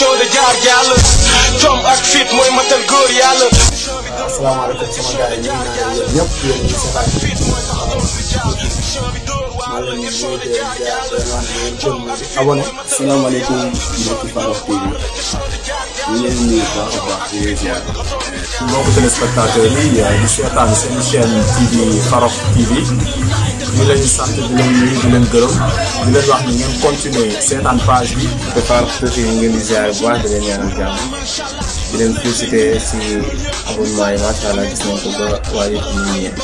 mission de jaar yàlla jom ak fit mooy matal góor yàlla. waaw asalaamaaleykum sama gars yi ñu ngi naan yéen ñëpp yéen ñi seetaan maa leen di nuyu di leen ziar di leen wax ne leen jëm di abonné. asalaamaaleykum mbokki Farokh TV ñu ngi leen di nuyu baax a baax di leen ziar. mbokki téléspectateurs yi di seetaan seen chaîne TV Farokh TV. ñu leen di sant di leen nuyu di leen gërëm di leen wax ni ngeen continuer seetaan page bi. te Fane tuuti ñu ngi leen di ziare bu baax di leen ñaanal jàmm di leen félicité si abonnement yi macha allah gis nañ ko ba waaye yëpp ñu ngi félicité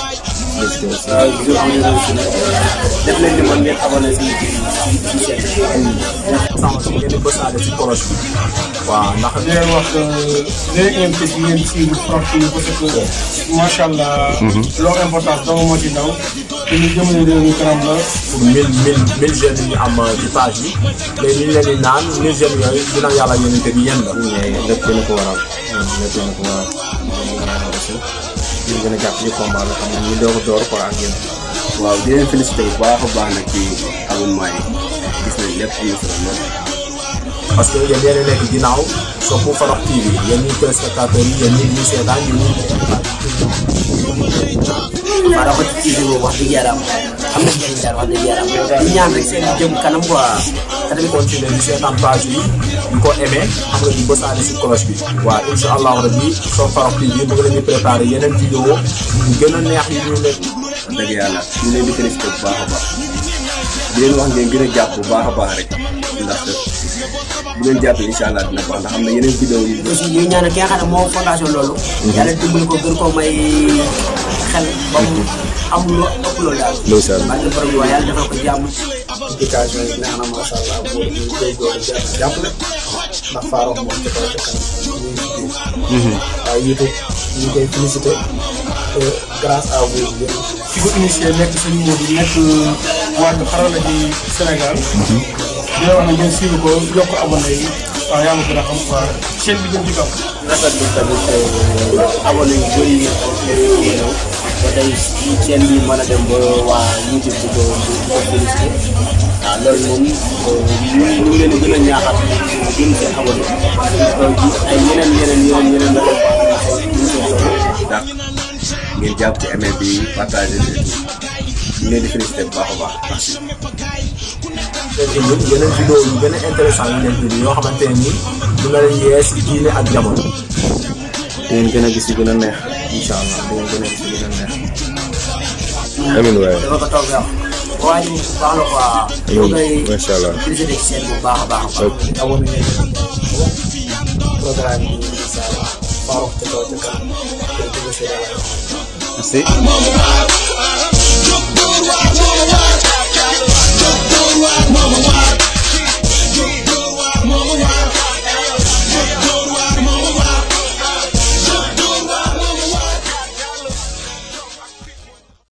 aussi. waaw jour bi ñu ngi def leen ni man ngeen abonné si si seen sama si ngeen di bësaale si proche bi. waaw ndax li euh, ngeen wax léegi ngeen tëj ngeen siiw proche bi parce que macha allah. Mhm. loo importance dama moo ci ndaw. li ñu jëmale réew mi kanam la. pour mille mille mille jeunes yi ñu am euh, ci page bi léegi ñu leen di naan mille jeunes yooyu dina yàlla yónnante bi yéen la. lépp ko waral. lépp dina ko waral. ñu gën a jàpp ci combat la xam ne ñu door door ko ak yéen. waaw di leen félicité bu baax a baax nag ci abonnement yi gis nañ lépp am na solo lool. parce que yéen yéen a nekk ginnaaw Sokku Farokh TV yéen ñii téléspectateurs yi yéen ñii ñuy seetaan ñu fara ba ci do di ñaan rek di seetaan page di ko saani si cloche bi waaw insha allahu rabbi soo fara ci yi bëgg nañu préparé yeneen vidéo ñu gën a neex yi ñu leen dëgg yàlla ñu leen di félicité bu baax a baax di leen wax ngeen gën a jàpp bu baax a baax rek ndax bu ngeen jàppee incha allah dina baax ndax am na yeneen vidéo yi aussi ñu ñaanal ki nga xel ba mu am lu ëpp loolu daal. loolu si àll bi waaye yàlla defal ko jàmm. éducation yi neex na macha allah boo ñu koy doon jàppale ndax Farokh moom ca kaw ca kanam mhm. ñu ngi waaye YouTube ñu koy félicité euh, grâce à vous. ki ko initié nekk suñu mbokk nekk wàllu xarala ji Sénégal. Mhm. di la wax ne ngeen suivre ko yokk abonné yi. waaw yaa ngi gën a xam quoi chaîne bi gën ci kaw. rafetlu tamit euh, abonné yu bëri yi tey seen bi mën a dem ba waa YouTube di ko di ko félicité waaw ah, loolu moom ñu euh, ñu ngi leen di gën a ñaaxal gën seen abonné euh, ay yeneen yeneen yeneen yeneen la ndax ngeen jàpp ci aimé bi partagé bi ñu leen di félicité bu baax a baax merci. yeneen vidéo yu gën a intéressant yu nekk nii yoo xamante ne nii dina leen yees diine ak jamono. ngeen gën a gis yu gën a neex incha allah di ngeen gën a gis yu gën a neex. amiin waay dafa ko toog waa ji baax na quoi. amiin macha allah bu baax a baax. amoon nañu programme bi incha allah baax wax ca kaw ca kanam merci.